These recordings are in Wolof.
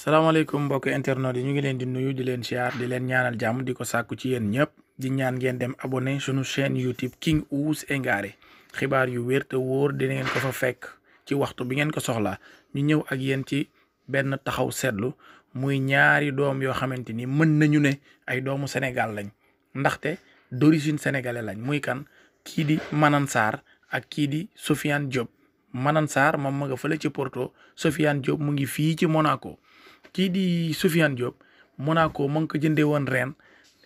salaamaaleykum mbokk internet yi ñu ngi leen di nuyu di leen siyaar di leen ñaanal jàmm di ko sàkku ci yéen ñëpp di ñaan ngeen dem abonné suñu chaîne YouTube King Ouse et Ngary xibaar yu wér te wóor dina ngeen ko fa fekk ci waxtu bi ngeen ko soxlaa ñu ñëw ak yéen ci benn taxaw seetlu muy ñaari doom yoo xamante ni mën nañu ne ay doomu Sénégal lañ ndaxte d'origine sénégalais lañ muy kan kii di Manan Sarr ak kii di Sofiane Diop Manan Sarr moom ma nga ci Porto Sofiane Diop mu ngi fii ci Monaco kii di Soufiane Diop Monaco mu ngi ko jëndee woon Rennes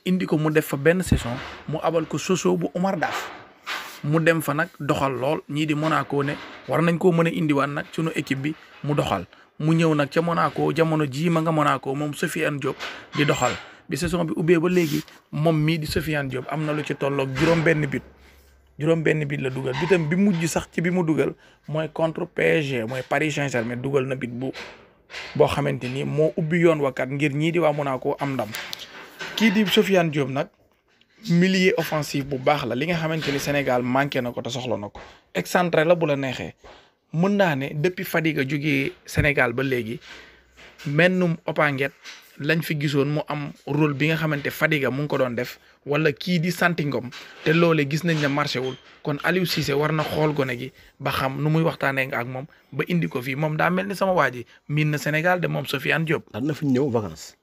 indi ko mu def fa benn saison mu abal ko Sochaux bu Omar Daf mu dem fa nag doxal lool ñii di Monaco ne war nañ koo mën a indiwaat nag sunu équipe bi mu doxal mu ñëw nag ca Monaco jamono jii ma nga Monaco moom Soufiane Diop di doxal bi saison bi ubbee ba léegi moom mii di Soufiane Diop am na lu ci tolloog juróom-benn but. juróom benn bit la dugal bitam bi mujj sax ci bi mu dugal mooy contre PSG mooy Paris saint dugal na bit bu boo xamante ni moo ubbi yoon wakat ngir ñii di waa Monaco am ndam kii di Sofiane Diop nag milieu offensif bu baax la li nga xamante ni Sénégal manqué na ko te soxla na ko excentré la bu la neexee mën naa ne depuis Fadiga jógee Sénégal ba léegi mennum opanget lañ fi gisoon mu am rôle bi nga xamante Fadiga mu ngi ko doon def wala kii di santi Ngom te loole gis nañ ne marché wul kon Aliou Cissé war na xool gone gi ba xam nu muy waxtaanee ak moom ba indi ko fii moom daa mel ni sama waa ji miin na Sénégal de moom Sofiane Diop. daan na fi ñëw vacances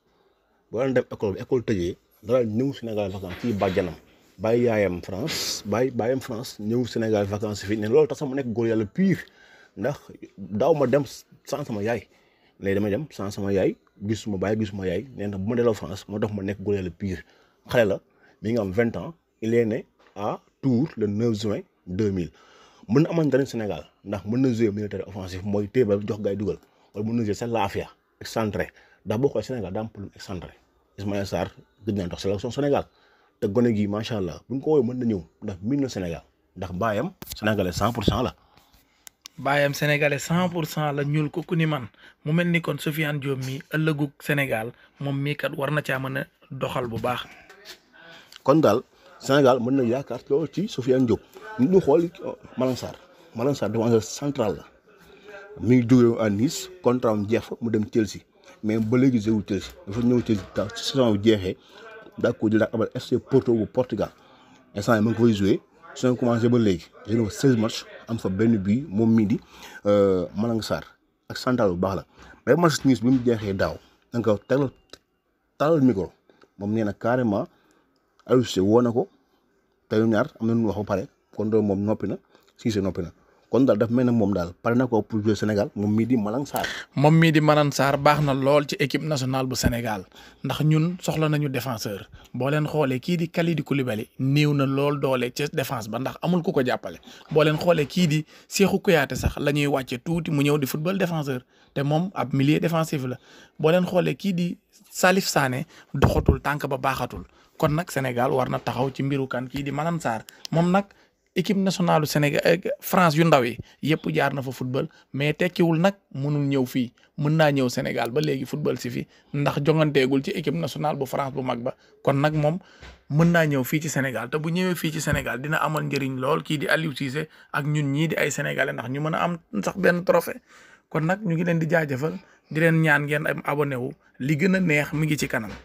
boo daan dem école école tëjee dara ñëw Sénégal vacances fii bàjjanam bàyyi yaayam France bàyyi bàyyam France ñëw Sénégal vacances fii ne loolu tax sama nekk góor yàlla pire ndax daaw ma dem sans sama yaay léegi dama dem sans sama yaay. gisuma baay gisuma yaay nee bu ma delloo France moo tax ma nekk gone la pire xale la mi nga am vingt ans il est né à Tours le 9 juin 2000 mën na amoon njëriñ Sénégal ndax mën na jouer militaire offensif mooy téye ba jox gars yi dugal wala mën na jouer sa laafia excentré ndax boo xoolee Sénégal daa am problème excentré Ismaïla Sarr gëj naa dox Sénégal te gone gi macha allah bu ñu ko woowee mën na ñëw ndax miin na Sénégal ndax baayam sénégalais 100 pour cent baayam sénégalais cent pour cent la ñuul ko ku ni man mu mel ni kon Sofiane Diop mi ëllëgug Sénégal moom mii kat war na caa mën a doxal bu baax. kon daal Sénégal mën na yaakaar lool ci Sofiane Diop ñu xool Malang Sarr Malang Sarr défenseur central la mi ngi jóge à Nice contrat am jeex fa mu dem Chelsea mais ba léegi jéegul Chelsea dafa ñëw Chelsea taw ci saison bi jeexee daa ko jël ak abal FC Porto bu Portugal instant yii ma ngi koy joué su ba léegi jël na fa seize am fa benn bii moom mii di euh, Malang Sarr ak santal bu baax la mais match niis bi mu jeexee daaw da nga ko tegal talal moom nee na carrément Aliou Cissé woo na ko te ñaar am na nu wax ba pare kon moom noppi na Cissé noppi na. kon daal def mel ne moom daal pare na ko pour jouer Sénégal moom mii di Malang Sarr. moom mii di Malang Sarr baax na lool ci équipe nationale bu Sénégal ndax ñun soxla nañu défenseur boo leen xoolee kii di Kalidou Koulibaly néew na lool doole ci défense ba ndax amul ku ko jàppale booleen leen xoolee kii di Cheikhou Kouyaté sax la ñuy wàcce tuuti mu ñëw di football défenseur te moom ab milieu défensif la boo leen xoolee kii di Salif Sané doxatul tànk ba baaxatul kon nag Sénégal war na taxaw ci mbiru kan kii di Malang Sarr moom nag équipe nationale Sénégal eh, France yu ndaw yi yëpp jaar na fa football mais tekkiwul nag mënul ñëw fii mën naa ñëw Sénégal ba léegi football si fi ndax jonganteegul ci équipe nationale bu France bu mag ba kon nag moom mën naa ñëw fii ci Sénégal te bu ñëwee fii ci Sénégal dina amal njëriñ lool kii di Aliou Cissé ak ñun ñii di ay sénégalais ndax ñu mën a am sax benn trophée kon nag ñu ngi leen di jaajëfal di leen ñaan ngeen am abonné wu li gën a neex mi ngi ci kanam.